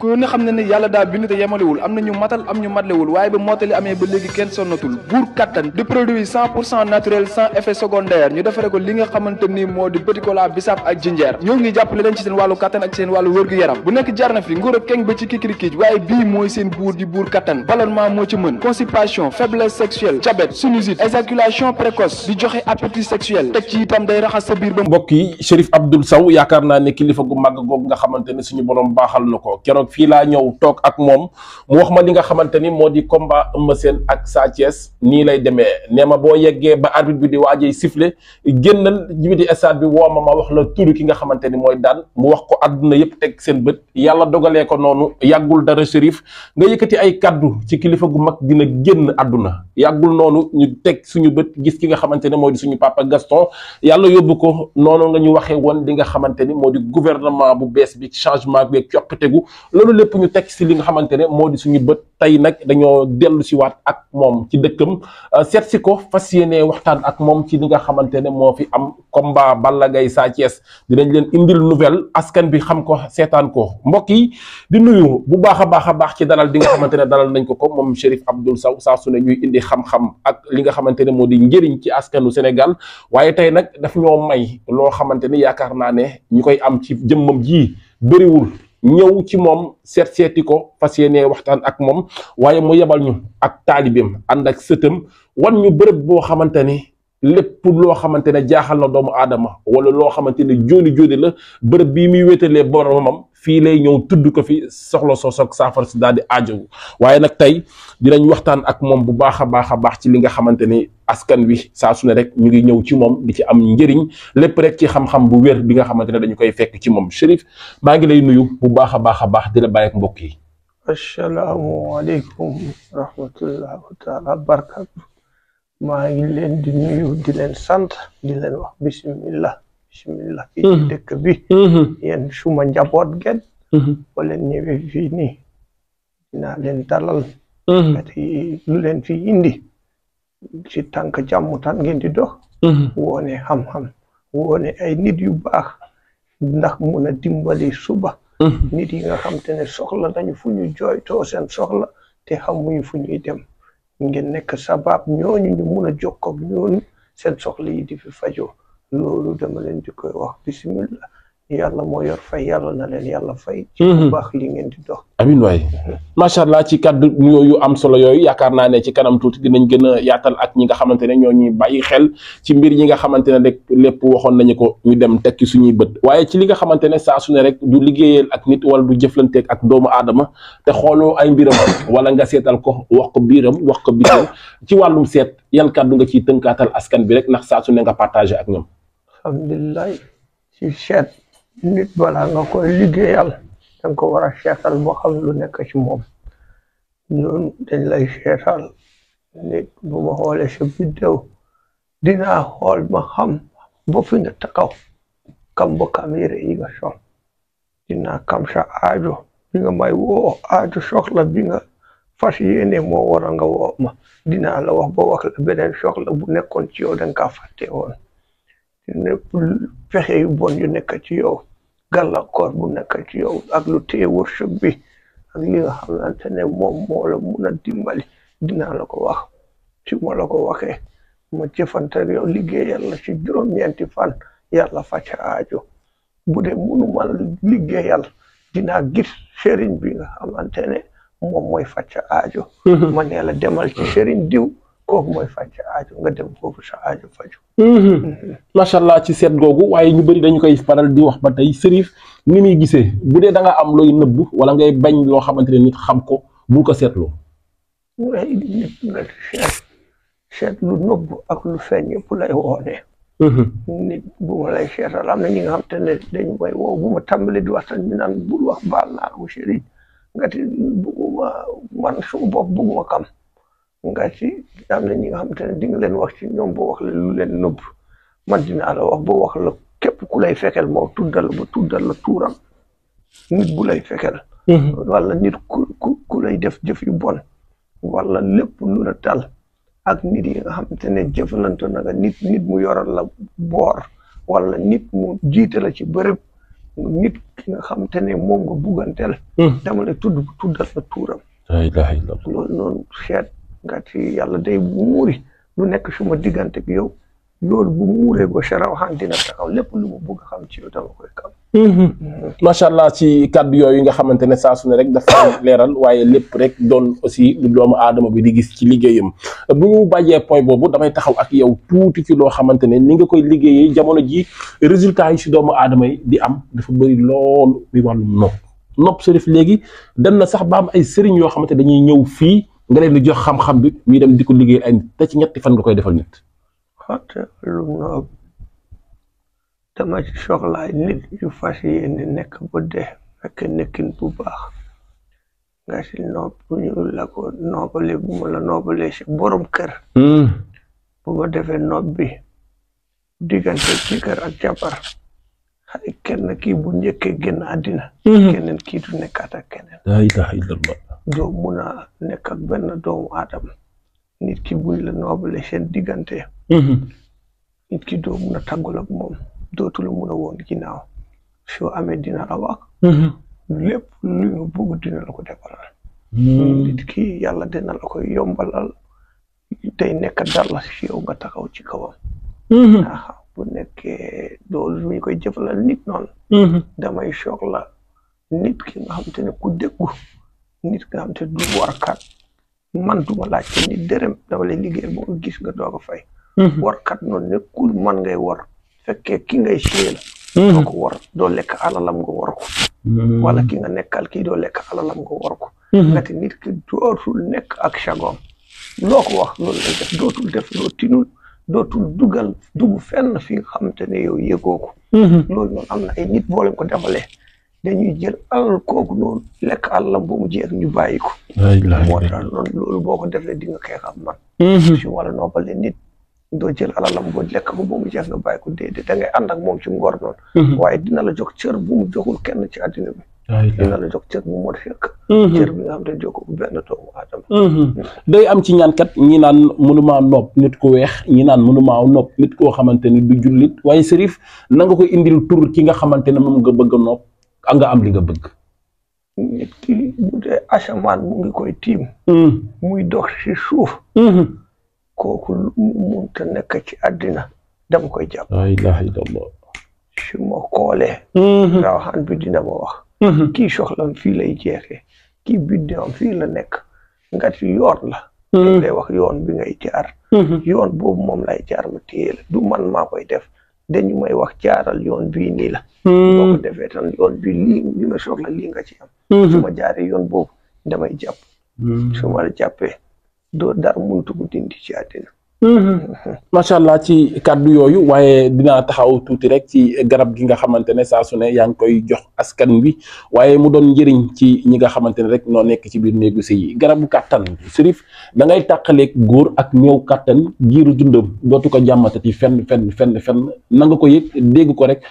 ku ne xam ne ni yàlla daa bind te yemalewul am na ñu matal am ñu matlewul waaye ba mottali amee ba léegi kenn sonnatul buur kattan di produit cent pour cent naturel sans effet secondaire ñu defare ko li nga xamante moo di petit cola bisaab ak jinjeer ñoo ngi jàppale leen ci seen wàllu kattan ak seen wàllu wërgu yaram bu nekk jarna fi nguur ak keng ba ci kikirikiij waaye bii mooy seen buur di buur kattan ballonnement moo ci mën constipation faiblesse sa biir ba yi yaakaar naa ne kilifa gu màgg googu nga xamante ne suñu borom baaxal na ko fii laa ñëw toog ak moom mu wax ma li nga xamante ni moo di combat ëmba seen ak Sa Thiès nii lay demee nee ma boo yeggee ba arbitre bi di waajee siffle génnal jibi di stade bi woo ma ma wax la turu ki nga xamante ni mooy daan mu wax ko àdduna yëpp teg seen bët yàlla dogalee ko noonu yàggul dara Chérif nga yëkkati ay kàddu ci kilifa gu mag dina génn àdduna yàggul noonu ñu teg suñu bët gis ki nga xamante ne moo di suñu papa Gaston yàlla yóbbu ko noonu nga ñu waxee woon li nga xamante ni moo di gouvernement bu bees bi changement bi coppite loolu lépp ñu teg si li nga xamante ne moo di suñu bët tey nag dañoo dellu si waat ak moom ci dëkkam euh, seet si ko fas yéenee waxtaan ak moom ci li nga xamante ne moo fi am combat Balla Gaye Sa Thiès dinañ leen indil nouvelle askan bi xam ko seetaan ko mbokk yi di nuyu bu baax a baax a baax ci dalal di nga xamante ne dalal nañ ko ko moom Chérif Abdoul Sow saa su ne indi xam ak li nga xamante ne moo di njëriñ ci askanu Sénégal waaye tey nag daf ñoo may loo xamante ni yaakaar naa ne ñu koy am ci jëmmam ji bëriwul ñëw ci moom seet seeti ko fas yéenee waxtaan ak moom waaye mu yebal ñu ak taalibeem ànd ak sëtam wan ñu bërëb boo xamante ni lépp loo xamante ne jaaxal na doomu aadama wala loo xamante ne jóoni jóoni la bërëb bii muy wéetalee boromam fii lay ñëw tudd ko fi soxla soo soog saafara si daal di aajowu waaye nag tey dinañ waxtaan ak moom bu baax a baax a baax ci li nga xamante ni askan wi saa su ne rek ñu ngi ñëw ci moom di ci am njëriñ lépp rek ci xam-xam bu wér bi nga xamante ne dañu koy fekk ci moom Chérif maa ngi lay nuyu bu baax a baax a baax di la bàyyi ak mbokk yi. asalaamaaleykum wa rahmatulah wa barakatuh maa ngi leen di nuyu di leen sant di leen wax bismillah bismillah fii mhm. dëkk bi mhm. yéen suma njaboot gen mhm. ba ni naa leen dalal ati lu leen fi indi ci tànk jàmm tan ngeen di dox woone xam-xam woone ay nit yu baax ndax mu a dimbali suba nit yi nga xam te ne soxla nañu fu ñu jooytoo seen soxla te xamuñu fu ñuy dem ngeen nekk sabab ñooñu ñu mun a jokkoog ñooñu sen soxla yi di fi fajoo loolu dama leen di koy wax bisimilah. yàlla moo yor fay yàlla na leen yàlla fay. Mhm. ci bu baax li macha allah ci kaddu yooyu am solo yooyu yaakaar naa ne ci kanam tuuti dinañ gën a yaatal ak ñi nga xamante ne ñoo ñuy bàyyi xel ci mbir ñi nga xamante ne rek lépp waxoon nañu ko ñu dem tekki suñuy bët waaye ci li nga xamante ne saa su rek du liggéeyal ak nit wala du jëflanteeg ak doomu aadama te xooloo ay mbiram wala nga seetal ko wax ko biiram wax ko biiram ci wàllum seet yan kàddu nga ci tënkaatal askan bi rek ndax saa ne nga partagé ak ñoom. nit balaa nga koy liggéeyal danga ko war a seetal ba xam lu nekk ci moom ñun lay seetal nit bu ma xoolee sa biddew dina xool ma xam bo fi nga taxaw kam ba kam yi nga sol dinaa kam sa aajo bi nga may woo aajo soxla bi nga fas yéene moo war woo ma dinaa la wax ba wax la beneen soxla bu nekkoon ci yow danga kaa fàtte woon lépp pexe yu bon yu nekk ci yow gàllankoor bu nekk ci yow ak lu téye wërsëg bi ak li nga xamante ne moom moo la mun a dimbali dina la ko wax ci ma la ko waxee ma jëfantal yow liggéeyal ci juróom-ñeenti fan yàlla faj aajo bu dee munuma liggéeyal dinaa gis sëriñ bi nga xamante ne moom mooy faj aajo ma ne la demal ci sëriñ diw kooku mooy faj sa aajo nga dem foofu sa aajo faju mhm. macha allah ci seet googu waaye ñu bëri dañu koy faral di wax ba tey sërif ni muy gisee bu dee danga am looy nëbb wala ngay bañ loo xamante ne nit xam ko bu ko seetloo. lu ak lu feeñ yëpp lay woone mhm. nit bu am na ñi nga xam te ne dañ may woo bu ma tàmbali di waxtaan ñu naan bul wax baal naa ko sëriñ nga te bugguma man suñu bugguma kam nga si am na ñi nga xamante ne di nga leen wax ci ñoom boo leen nëbb man dinaa la wax boo wax la képp ku lay fekkel moo tuddal bu tuddal la tuuram nit bu lay fekkel wala nit ku lay def jëf yu bon wala lépp lu la ak nit yi nga xamante ne jëflante na nga nit nit mu yoral la boor wala nit mu jiital a ci bërëb nit ki nga xamante ne moom nga bugganteel mhm. dama la tudd bu tuddal la tuuram loolu noonu xeet ngati yàlla day muuri lu nekk suma diggante ak yow loolu bu muuree ba charaw xam dina taxaw lépp lu mu bëgg xam ci yow dama koy xam. Mhm. macha yi nga xamante ne saa suñu rek dafa leeral waaye lépp rek doon aussi doomu aadama bi di gis ci liggéeyam bu ñu bàyyee point boobu damay taxaw ak yow tuuti ci loo xamante ne ni nga koy liggéeyee jamono ji résultat yi ci doomu aadama yi di am dafa bëri loolu bi wàllum nopp nopp Cherif léegi dem na sax ba am ay sëriñ yoo xamante dañuy ñëw fii. nga leen di jox xam-xam bi ñuy dem di ko liggéey ay nit ci ñetti fan nga koy defal nit. xate lu noob dama ci soxlaay nit yu fas yéene nekk bu dee fekk nekkin bu baax nga si noob bu ñu la ko noobalee bu ma la noobalee si borom kër. Hmm. bu ma defee noob bi diggante ci kër ak jabar xale kenn kii bu njëkkee génn àddina. Hmm. keneen kii du nekkaat ak keneen. doo mun a nekk ak benn doomu aadama nit ki buñ la noobale seen diggante mhm. nit doomu doo mun a tàggul ak moom dootul mun a woon ginnaaw soo amee dina la wax mhm. lépp lu ñu bëgg dina la ko defaral mhm. nit ki yàlla dina la koy yombalal day nekk dara si yow nga taxaw ci kawam ah, bu nekkee loolu mi koy jëfalal nit noonu damay soxla nit ki nga ku déggu nit nga xam te du warkat man duma laaj te nit dërëm dama boo gis nga doog a fay mhm. warkat noonu nekkul man ngay war fekkee ki ngay siyee la mhm. doo ko war doo lekk alalam nga war ko mhm. wala ki nga nekkal kii doo lekk alalam nga war ko ngati nit ki dootul nekk ak sagoom loo ko wax loolu lay def dootul def loo tinul dootul dugal fi nga xam te ne yow yëgoo ko loolu noonu am ay nit boo leen dañuy jël alal kooku noonu lekk alalam ba mu jeex ñu bàyyi ko. moo loolu boo ko defee di nga xeex ak man. Mhm. su wala noppale nit doo ko ba mu jeex nga bàyyi ko déedéet da ngay ànd ak moom ci ngor noonu. Mhm. waaye dina la jox cër bu mu joxul kenn ci àddina bi. dina la jox cër bu mu mot fekk. Mhm. cër bi nga xam te mm. am ci ñaankat ñi naan mënumaa nopp nit ko weex ñi naan mënumaa nopp nit koo xamante ni du jullit waaye Serif na nga ko indil tur ki nga xamante ne moom nga bëgg a nopp a nga am li nga bëgg nit ki bu dee mu ngi koy tiim mm. muy dox ci ko mm. kooku lu mu munta nekk ci àddina dama koy jàpp la ilaha illallah su ma koolee mm-hmm. rawaxaan bi dina ma wax mm-hmm. kii soxlam fii lay jeexee kii nekk nga ci yoon la mm-hmm. lay wax yoon bi ngay jaar yoon boobu moom lay jaar ma téye du man maa koy def dañu may wax jaaral yoon bii nii la. defetal hmm. ko defee tan yoon bii lii li nga lii nga ci am. Hmm. suma ma yoon bo damay jàpp. Hmm. su ma la jàppee doo dara muntu ko dindi ci àddina. Mm-hmm. macha allah ci kàddu yooyu waaye dinaa taxaw tuuti rek ci garab gi nga xamante ne saa su ne yaa ngi koy jox askan bi waaye mu doon njëriñ ci ñi nga xamante ne rek noo nekk ci biir néegu sëy yi garabu kàttan sërif da ngay tàqaleeg góor ak néew kàttan giiru dundam dootu ko jàmmatati fenn fenn fenn fenn na nga ko yëg dégg ko rek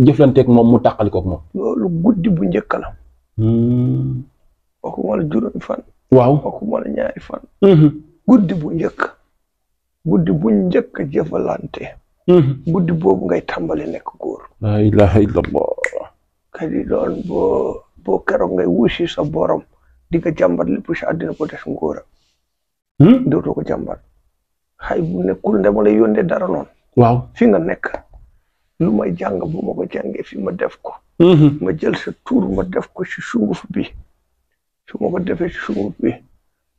jëflanteeg moom mu tàqali koog moom. loolu guddi bu njëkk la. Mm. waxuma la juróomi fan. waaw waxuma la ñaari fan. Mm-hmm. guddi bu njëkk. guddi bu njëkk a jëfalante hmm. guddi boobu ngay tàmbali nekk gor la ilaha illallah kadi doon boo boo ngay wuusi sa borom di nga jàmbat lépp si àddina ko des ngóora hmm? dootoo ko jàmbat xay bu nekkul ndema la yónnee dara noonu waaw fi nga nekk lu may jàng bu ma ko jàngee fi ma def ko hmm. ma jël sa tuur ma def ko si bi su ma ko defee si bi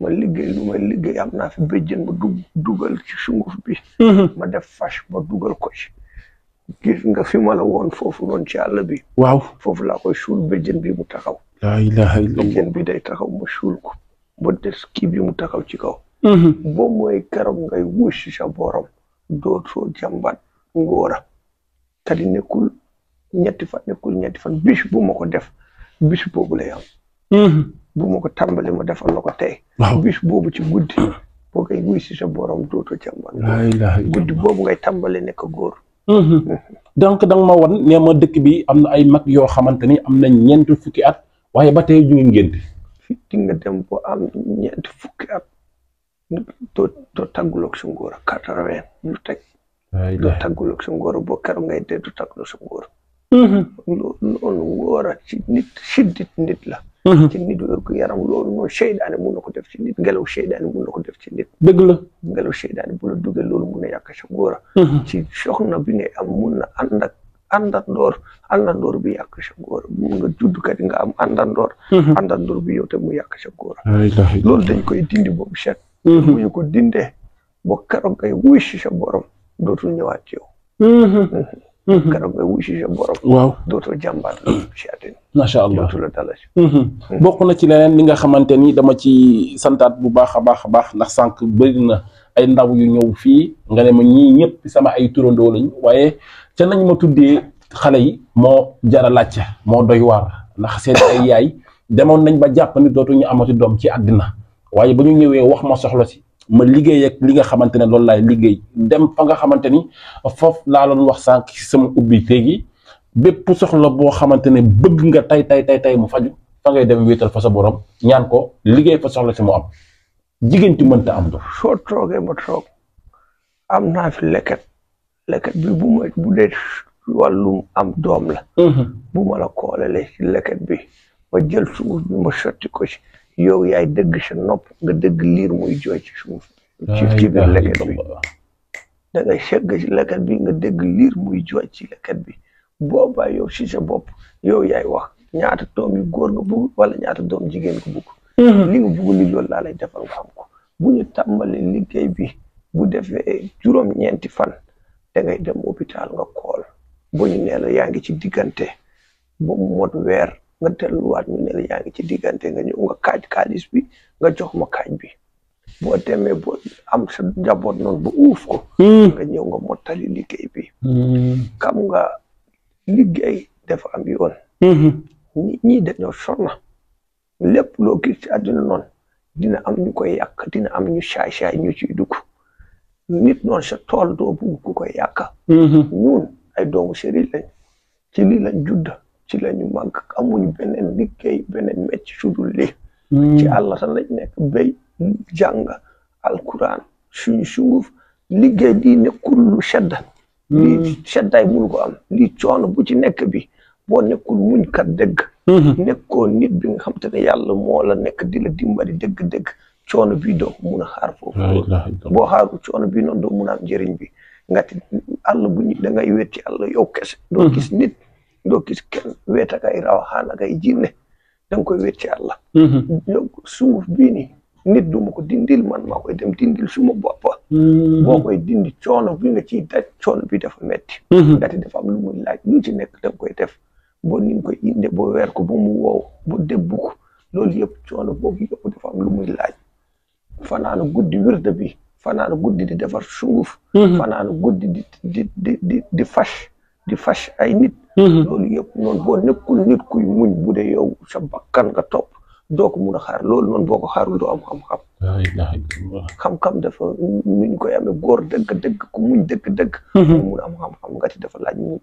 ma liggéey lu ma liggéey am naa fi béjjën ma dugal ci sunguf bi mhm. ma def fas ma dugal ko ci gis nga fi ma la woon foofu noonu ci àll bi waaw foofu laa koy suul béjjën bi mu taxaw laa ilaha illallah béjjën bi day taxaw ma suul ko ma des kii bi mu taxaw ci kaw mhm. bo mooy garab ngay wusi sa borom dootoo jàmbat ngóora kadi nekkul ñetti fan nekkul ñetti fan bis bu ma ko def bis boobu lay am mhm. bu ma ko tàmbali mu defal la ko tey. bis boobu ci guddi. boo koy wuy si sa borom dootoo jàmban. guddi boobu ngay tàmbali nekk góor. Mhm. Mhm. donc da nga ma wan nee ma dëkk bi am na ay mag yoo xamante ni am na ñeent fukki at waaye ba tey ñu ngi dem boo am fukki at doo doo tàgguloog sa ngóor ak quatre-vingt ñu teg. waay doo tàgguloog sa ngóor boo keroog ngay dee doo tàgguloog sa ngóor. Mhm. loolu ngóor ci nit nit la. ci nit wér gu yaram loolu noonu seydaane mun na ko def ci nit ngelaw seydaane mun na ko def ci nit dëgg la ngelaw seydaane bu la duggee mun na yàq sa góor a ci soxna bi ngay am mun na ànd ak àndandoor àndandoor bi yàq sa góor mun nga juddkat nga am àndandoor àndandoor bi yow te mu yàq sa góor loolu dañ koy dindi boobu set ko dindee ba keroog ngay wuy si sa borom dootul ñëwaat ci yow garab nga wuyu si sa borom. waaw dootoo jàmbaar. si àddina. allah bokk na ci leneen li nga xamante ni dama ci santaat bu baax a baax a baax ndax sànq bëri na ay ndaw yu ñëw fii nga ne ma ñii ñëpp sama ay turandoo lañu waaye ca nañ ma tuddee xale yi moo jara laajte moo doy waar ndax seen ay yaay demoon nañ ba jàpp ni dootuñu amati doom ci àddina waaye ba ñu ñëwee wax ma soxla si. ma liggéey ak li nga xamante ne loolu lay liggéey dem fa nga xamante ni foofu laa doon wax sànq sama ubbi téegi bépp soxla boo xamante ne bëgg nga tey tey tey tey mu faju fa ngay dem wéetal fa sa boroom ñaan ko liggéey fa soxla si mu am jigéen ci mënta am do soo toogee ma toog am naa fi leket leket bi bu ma bu dee wàllum am doom la mhm. bu ma la koolelee ci leket bi ma jël suuf bi ma sotti ko ci yow yaay dëgg sa nopp nga dëgg liir mu jooy ci suuf ci ci leket bi nga dëgg liir muy jooy ci leket bi boobaa yow si sa bopp yow yaay wax ñaata doom yu góor nga bugg wala ñaata doom jigéen nga bugg mm-hmm. li nga bugg li loolu laa lay defal nga am ko bu ñu tàmbali liggéey bi bu defe juróom ñeenti fan da dem hôpital nga kool bu ñu nee la yaa ngi ci diggante ba mu weer nga delluwaat ñu ne ngi ci diggante nga ñëw nga kaaj kaalis bi nga jox ma kaaj bi boo demee boo am sa njaboot noonu ba uuf ko. Hmm. nga ñëw nga mottali liggéey bi. Hmm. xam nga liggéey dafa am yoon. Hmm. ñi ñii dañoo sonna lépp loo gis ci àdduna noon dina am ñu koy yàq dina am ñu saay saay ñu ciy dugg nit noonu sa tool doo bugg ku koy yàq. ay doomu séeréer ci lii lañ judd. ci lañu màgg amuñ beneen liggéey beneen mecc su dul lii hmm. ci àll sa lañ nekk béy jàng alquran suñu sunguf liggéey lii nekkul lu sedda lii hmm. seddaay mul ko am lii coono bu ci nekk bi boo nekkul muñ kat nekk hmm. nekkoo nit bi nga xam te ne yàlla moo la nekk di la dimbali dëgg-dëgg coono bi doo mun a xaar foofu boo xaaru coono bi noonu doo mun am njëriñ bi ngati àll bu ñu da ngay wéet ci àll yow kese doo gis nit doo gis weta weet ak ay rawaxaan ak ay jinne da nga koy weet mm-hmm. sunguf bii nii nit du ma ko dindil man maa koy dem dindil suma bopp mm-hmm. boo koy dindi coono bi nga ciy daj coono bi dafa metti mm-hmm. ndaxte dafa am lu muy laaj lu ci nekk da nga koy def boo ni ko koy inde ko ba mu woow ba debbu ko loolu yëpp coono boobu yëpp dafa am lu muy laaj fanaanu guddi wirda bi fanaanu guddi di defar sunguf fanaanu guddi di di di di fas ay nit mhm. loolu yëpp noonu boo nekkul nit kuy muñ bu dee yow sa bakkan nga doo ko mun a xaar loolu noonu boo ko xaarul doo am xam-xam dafa nuñ koy amee gor dëgg-dëgg ku muñ dëgg-dëgg mu mhm. mun am xam-xam nga dafa laaj muñ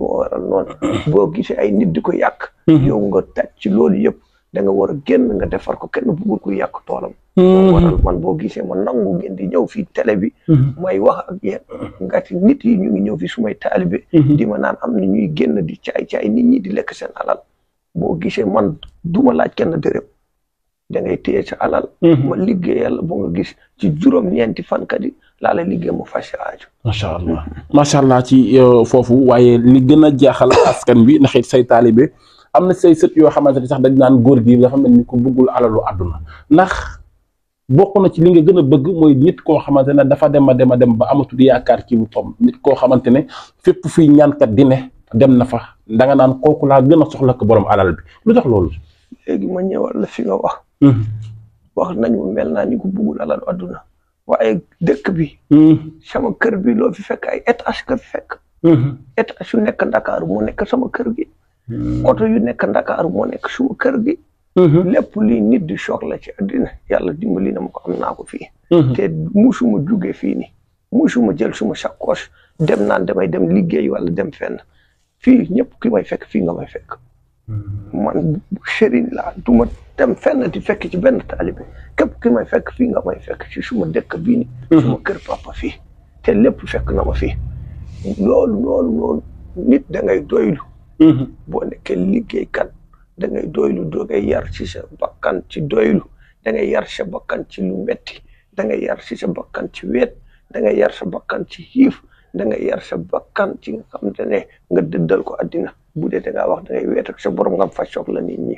waral noonu boo gisee ay nit di ko yàq mhm. yow nga tàcc ci loolu yëpp da nga war a génn nga defar ko kenn bëggul ku yàq toolam hmm. man boo gisee ma nangu ngeen di ñëw fii télé bi hmm. may wax ak yéen ngati nit yi ñu ngi ñëw fii sumay taalibe hmm. di ma naan am na ñuy génn di caay-caay nit ñi di lekk seen alal boo gisee man duma laaj kenn dërëm da ngay téye sa alal ma liggéey yàlla bu nga gis ci juróom ñeenti fan kat yi laa la liggéey mu fas macha allah macha allah ci euh, foofu waaye li gën a jaaxal askan bi ndax it say taalibe am na say sët yoo xamante ni sax dañ naan góor gi dafa mel ni ku bëggul alalu àdduna ndax bokk na ci li nga gën a bëgg mooy nit koo xamante ne dafa dem a dem a dem ba amatul yaakaar ci lu tom nit koo xamante ne fépp fuy ñaankat di ne dem na fa danga naan kooku laa gën a soxla ko borom alal bi lu tax loolu. léegi ma ñëwal la fi nga wax. Hmm. wax nañu mel naa ni ku bëggul alalu àdduna waaye dëkk bi. Hmm. sama kër bi loo fi fekk ay étage ka fi fekk. Hmm. étage yu nekk Ndakaaru mu nekk sama kër gi. Hmm. oto yu nekk Ndakaaru moo nekk suma kër gi. Hmm. lépp lii nit di la ci àddina yàlla dimbali na ma ko am naa ko fii. Hmm. te suma jugee fii nii musuma jël suma sacoche dem naan damay dem liggéey wala dem fenn fii ñëpp ki may fekk fii nga may fekk. man sëriñ laa du dem fenn di fekk ci benn taalibe képp ki may fekk fii nga may fekk ci suma dëkk bii nii. suma kër papa fii te lépp fekk na ma fii. lool loolu loolu nit da doylu. Mhm. boo nekkee liggéeykat da ngay doylu da ngay yar ci sa bakkan ci doylu da ngay yar sa bakkan ci lu metti da ngay yar ci sa bakkan ci weet da ngay yar sa bakkan ci xiif da ngay yar sa bakkan ci nga xam ne nga dëddal ko addina bu dee da ngaa wax da weet ak sa borom nga fa la nit ñi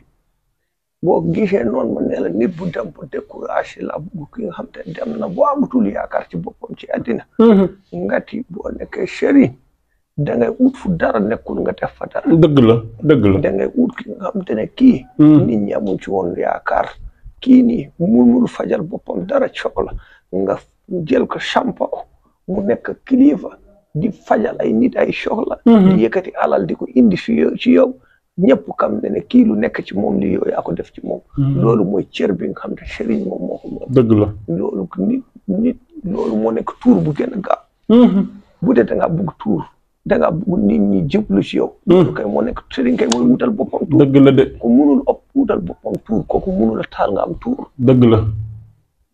boo gisee noon ma ne la nit bu dem bu découragé la bu ki nga xam te dem na boo amatul yaakaar ci boppam ci addina mhm. ngati boo nekkee sëriñ da ut fu dara nekkul nga def fa dara. dëgg la dëgg la da ngay ut ki nga xamante ne kii. Hmm. nit ñi amuñ ci woon yaakaar. kii nii munul fajal boppam dara coow la nga jël ko champa ko mu nekk kilifa di fajal ay nit ay soxla hmm. di yëkkati alal di ko indi si yow ci yow ñëpp xam kii lu nekk ci moom li yow yaa def ci moom hmm. loolu mooy cere bi nga xam ne sëriñ moom moo ko moom dëgg la loolu nit nit loolu moo nekk tuur bu gën a gaaw bu dee da ngaa tuur da ngaa nit ñi jëblu si yow. Hmm. kay moo nekk sëriñ kay mooy wutal boppam tuur. dëgg la de ko munul ëpp wutal boppam tuur kooku munul a taal nga am tuur. dëgg la.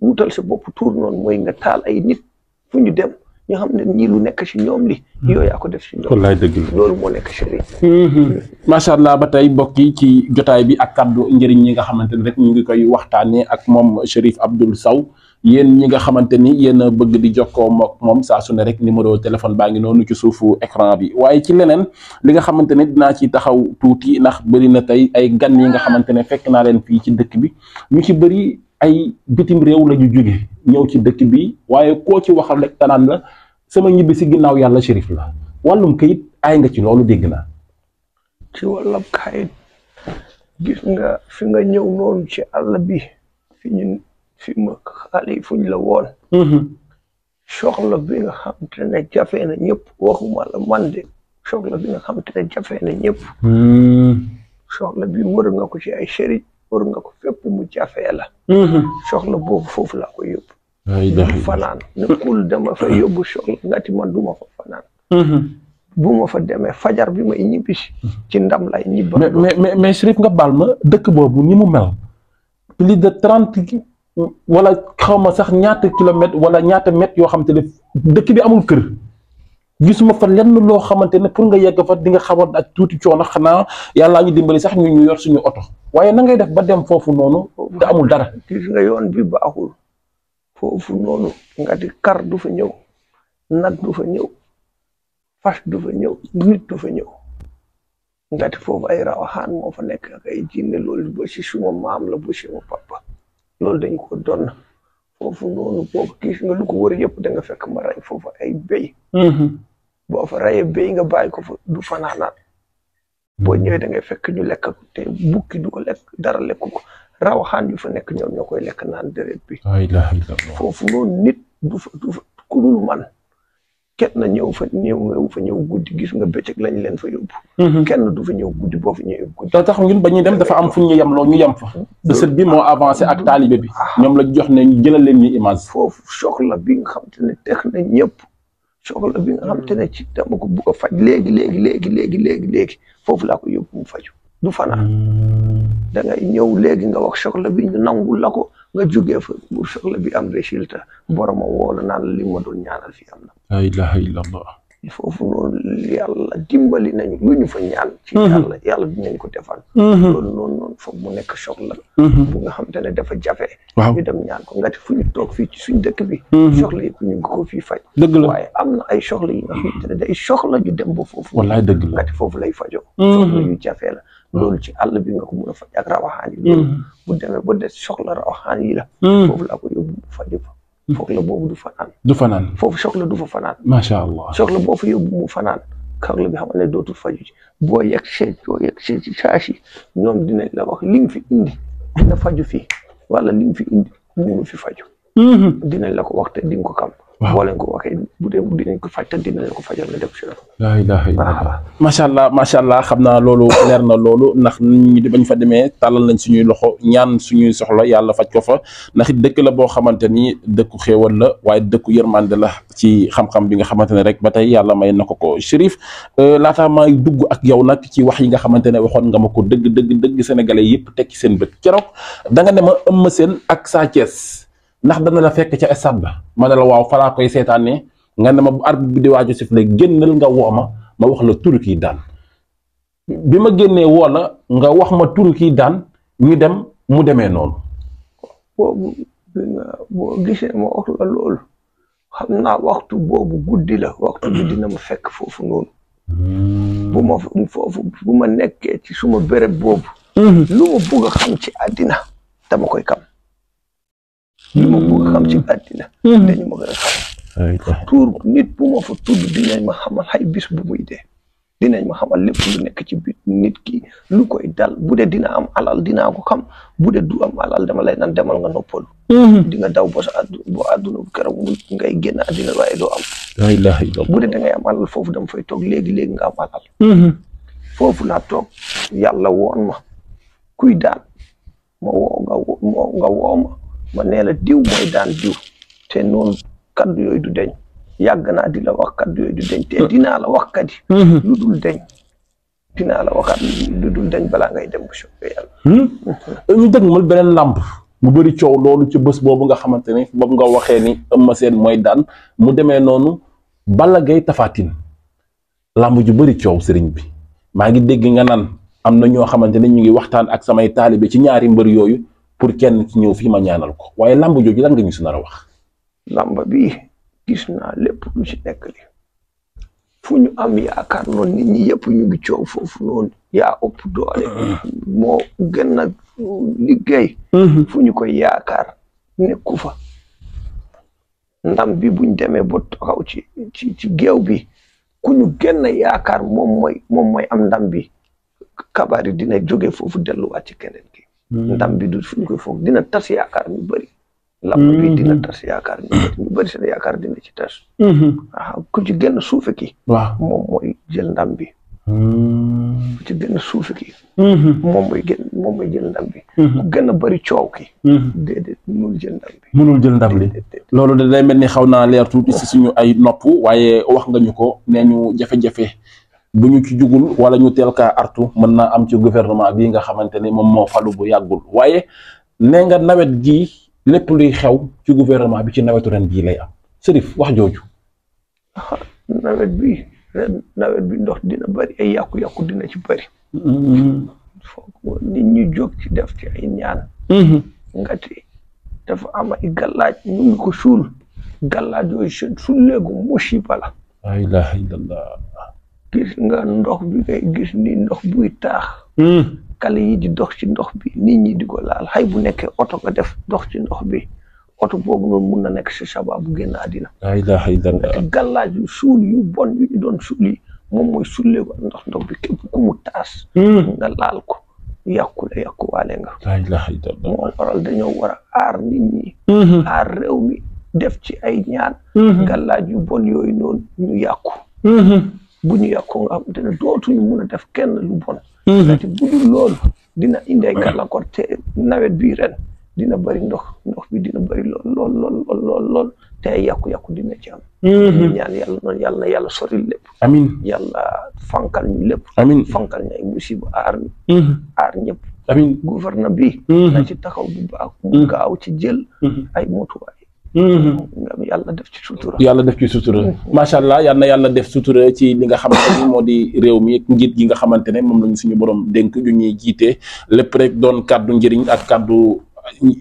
wutal sa bopp tuur noonu mooy nga taal ay nit fu ñu dem ñu xam ne ñii lu nekk si ñoom li hmm. yooyu yaa ko def si ñoom. wallaay loolu moo nekk sëriñ. Hmm. macha allah ba tey mbokk yi ci jotaay bi ak kaddu njëriñ ñi nga xamante ne rek ñu ngi koy waxtaanee ak moom Cherif Abdoul saw yéen ñi nga xamante ni yéen a bëgg di jokkoo mook moom saa su ne rek numéro téléphone baa ngi noonu ci suufu écran bi waaye ci leneen li nga xamante ne dinaa ci taxaw tuuti ndax bëri na tey ay gan yi nga xamante ne fekk naa leen fii ci dëkk bi ñu ci bëri ay bitim réew lañu jóge ñëw ci dëkk bi waaye koo ci waxal rek tanaan la sama ñibbi si ginnaaw yàlla shérif la wàllum kayit ay nga ci loolu dégg naa. ci wàllum kayit gis nga fi nga ñëw noonu ci àll bi fi ma xale yi fuñ la woon mhm. soxla bi nga xam te ne jafe na ñëpp waxuma la man de soxla bi ne jafe na ñëpp mhm. soxla bi wër nga ko ci ay sëriñ wër nga ko fépp mu jafee la mhm. soxla boobu foofu laa ko yóbbu fanaan ne kul dama fa yóbbu soxla ngati man fa fanaan bu ma fa demee fajar bi may ñibbisi ci ndam lay ñibba mais mais mais Chérif nga baal dëkk boobu ni mu mel plus de trente wala xaw ma sax ñaata kilomètre wala ñaata mètre yoo xamante ne dëkk bi amul kër ma fa lenn loo xamante ne pour nga yegg fa di nga xamante ak tuuti coono xanaa yàllaa ñu dimbali sax ñu ñu yor suñu oto waaye na ngay def ba dem foofu noonu te amul dara. gis nga yoon bi baaxul foofu noonu nga kar du fa ñëw nag du fa ñëw fas du fa ñëw nit du fa ñëw. nga foofu ay rawaxaan moo fa nekk ak ay jinne loolu ba ci suma maam la ba ci suma papa. loolu dañ ko doon foofu noonu boo gis nga lu ko wër yëpp da nga fekk ma rey foofu ay béy. Mhm. boo fa reyee béy nga bàyyi ko fa du fanaanaan boo ñëwee da ngay fekk ñu lekk ko te bukki du ko lekk dara lekk ko rawaxaan yu fa nekk ñoom ñoo koy lekk naan deret noonu nit du fa du fa man. kenn ñëw fa ñëw fa ñëw guddi gis nga bëccëg lañ leen fa yóbbu. Mhm. kenn du fa ñëw guddi boo fa ñëwee guddi. da tax ñun ba ñuy dem dafa am fu ñu yemloo ñu yem fa. Mhm. sët bi moo avancé ak mhm. taalibe bi. Ah. ñoom la jox ne jëlal leen ñu image. foofu soxla bi nga xam te ne tex na ñëpp. soxla xam te ne ci dama ko bugg a faj léegi léegi léegi léegi léegi léegi foofu laa ko yóbbu mu faju du fanaan da ngay ñëw léegi nga wax soxla bi ñu nangul la ko. nga jugee fa bu soxla bi am résultat borom a woo la naan li ma doon ñaanal fii am na. la ilaha illallah. foofu noonu yàlla dimbali nañu lu ñu fa ñaan ci mhm. yàlla yàlla dinañ ko defal mhm. loolu noonu noonu mu nekk choc la mhm. bu nga xam te ne dafa jafe waaw ñu dem ñaan ko ngati fu ñu toog fii ci suñ dëkk bi soxla yi ñu ngi ko fii faj waaye am na ay soxla yi nga xam te ne day soxla ju dem ba foofu wallaay la ngati foofu lay fajo soxla yu jafe la ci àll bi nga ko mën a faj ak rawaxaan yi loolu bu demee ba yi la foog la boobu du fanaan. du fanaan foofu soog la du fa fanaan. macha allah soog la boo fa yóbbu mu fanaan. soog la bi xamal ne dootul faju ci boo yegg see boo yegg see ci saa si ñoom dinañ la wax li nga fi indi dina faju fii wala li nga fi indi mënu fi faju mhm. dinañ la ko wax te di ko xam. boo leen ko waxee bu dee dinañ ko faj te dinañ ko fajal nga dem si la. macha allah macha allah xam naa loolu leer na loolu ndax ñu nit ñi bañ fa demee tàllal nañ suñuy loxo ñaan suñuy soxla yàlla faj ko fa ndax it dëkk la boo xamante ni dëkku xéewal la waaye dëkku yërmande la ci xam-xam bi nga xamante ne rek ba tey yàlla may na ko ko Chérif euh, laataa may dugg ak yow nag ci wax yi nga xamante ne waxoon nga ma ko dëgg dëgg dëgg sénégalais yëpp teg ci seen bët Sa ndax dana la fekk ca stade ba ma ne la waaw falaa koy seetaanee nga ne ma bu arbitre bi di waaju sifle génnal nga woo ma ma wax la turu kii daan bi ma génnee woo la nga wax ma turu kii daan ñu dem mu demee noonu. boobu boo gisee ma wax la loolu xam naa waxtu boobu guddi la waxtu bi dina ma fekk foofu noonu. bu ma foofu bu ma nekkee ci suma béréb boobu. Mm-hmm. lu ma bugg xam ci àddina dama koy xam. li ma bëgg xam ci mm. àddina dañu mm. ma gën a xam nit bu ma fa tudd dinañ ma xamal xay bis bu muy dee dinañ ma xamal lépp lu nekk ci nit ki lu koy dal bu dee dina am alal dinaa xam bu dee du am alal dama lay naan demal nga noppalu mm-hmm. di nga daw ba sa àdduna ba àdduna bu keroog mu ngay génn àddina waaye doo am bu da ngay am alal foofu dama fay toog léegi-léegi nga am alal mm-hmm. foofu laa toog yàlla woon ma kuy daal ma woo woo ma ma nee la diw mooy daan diw te noonu kaddu yooyu du deñ yàgg naa di la wax kaddu yooyu du deñ te mm. dinaa la wax kadi mm-hmm. lu dul deñ la waxaat lu dul deñ balaa ngay dem bu soobee yàlla ñu hmm? mm-hmm. dëgg mal beneen làmb mu bëri coow loolu ci bës boobu nga xamante ni boobu nga waxee ni Eumeu Sène mooy daan mu demee noonu bala Gaye tafaatin Tine ju bari coow sëriñ bi maa ngi dégg nga naan am na ñoo xamante ne ñu ngi waxtaan ak samay taalibe ci ñaari mbër yooyu pour kenn ci ñëw fii ma ñaanal ko waaye làmb jooju lan nga ñu si nar bi gis naa lépp lu ci nekk li fu ñu am yaakaar noonu nit ñi yëpp ñu ngi coow foofu noonu yaa ëpp doole. moo gën a liggéey. Mm-hmm. fu ñu koy yaakaar nekku fa. ndam bi buñ demee ba taxaw ci ci bi ku ñu gën a yaakaar moom mooy am ndam bi kabaari dina jóge foofu delluwaat ci keneen ki. Mm-hmm. ndam bi du fuñ ko foog dina tas yaakaar ñu bëri. lamb bi mm-hmm. dina tas yaakaar ñu bëri seen yaakaar dina ci tas. Mm-hmm. ku ci gën a suufe ki. waaw moom mooy jël ndam bi. ku ci gën a suufe ki. moom mooy gën moom bi. ku gën a bëri coow ki. déedéet mënul jël ndam bi. mënul jël ndam bi loolu da day mel ni xaw naa leer tuuti si oh. suñu ay nopp waaye wax nga ñu ko nee ñu jafe-jafe. bu ñu ci jugul wala ñu teel kaa artu mën naa am ci gouvernement bii nga xamante ni moom moo falu bu yàggul waaye nee nawet gii lépp luy xew ci gouvernement bi ci nawetu ren bii lay am Serif wax jooju. Ah, nawet bi nawet bi ndox dina bari ay yàqu-yàqu dina ci bari. Mm-hmm. foog nit ñi jóg ci def ci ay ñaan. Mm-hmm. ngati dafa am ay gàllaaj ñu ngi ko suul gàllaaj yooyu seen sulleegu musiba la. la ilaha illallah. gis nga ndox bi ngay gis ni ndox buy taax hmm. kale yi di dox ci ndox bi nit ñi di ko laal xay bu nekkee oto nga def dox ci ndox bi oto boobu noonu mun na nekk si sabab bu génn àddina gàllaaj yu suul yu bon yu ñu doon suul yi moom mooy sulleeku ndox ndox bi mu taas hmm. nga laal ko yàqule yàquwaale nga moo waral dañoo war a aar nit hmm. aar réew mi def ci ay ñaan gàllaaj yu bon yooyu noonu ñu bu ñu nga xamante ne mun a def kenn lu bon. ndaxte mhm. bu dul loolu dina indi ay gàllankoor te nawet bi ren dina bëri ndox ndox bi dina bëri lool lool lool lool te ay yàqu-yàqu dina ci am. Mhm. ñaan yàlla noonu yàlla na yàlla sori lépp. amiin yàlla fankal ñu lépp. amiin fankal ñu ay musiba aar ñu. Mhm. aar ñëpp. amiin gouvernement bi. na mu gaaw ci jël. ay motuwaay. Mm-hmm. yàlla def ci sutura. yàlla def ci sutura macha allah yal na yàlla def sutura ci li nga xamante ni moo di réew mi njiit gi nga xamante ne moom lañu suñu borom dénk ñu ñuy jiite lépp rek doon kàddu njëriñ ak kàddu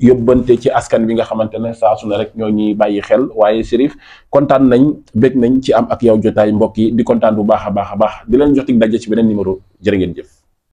yóbbante ci askan wi nga xamante ne saa su rek ñoo ñuy bàyyi xel waaye Chérif kontaan nañ bég nañ ci am ak yow jotaay mbokk yi di kontaan bu baax a baax a baax di leen jox dig daje ci beneen numéro jërë ngeen jëf.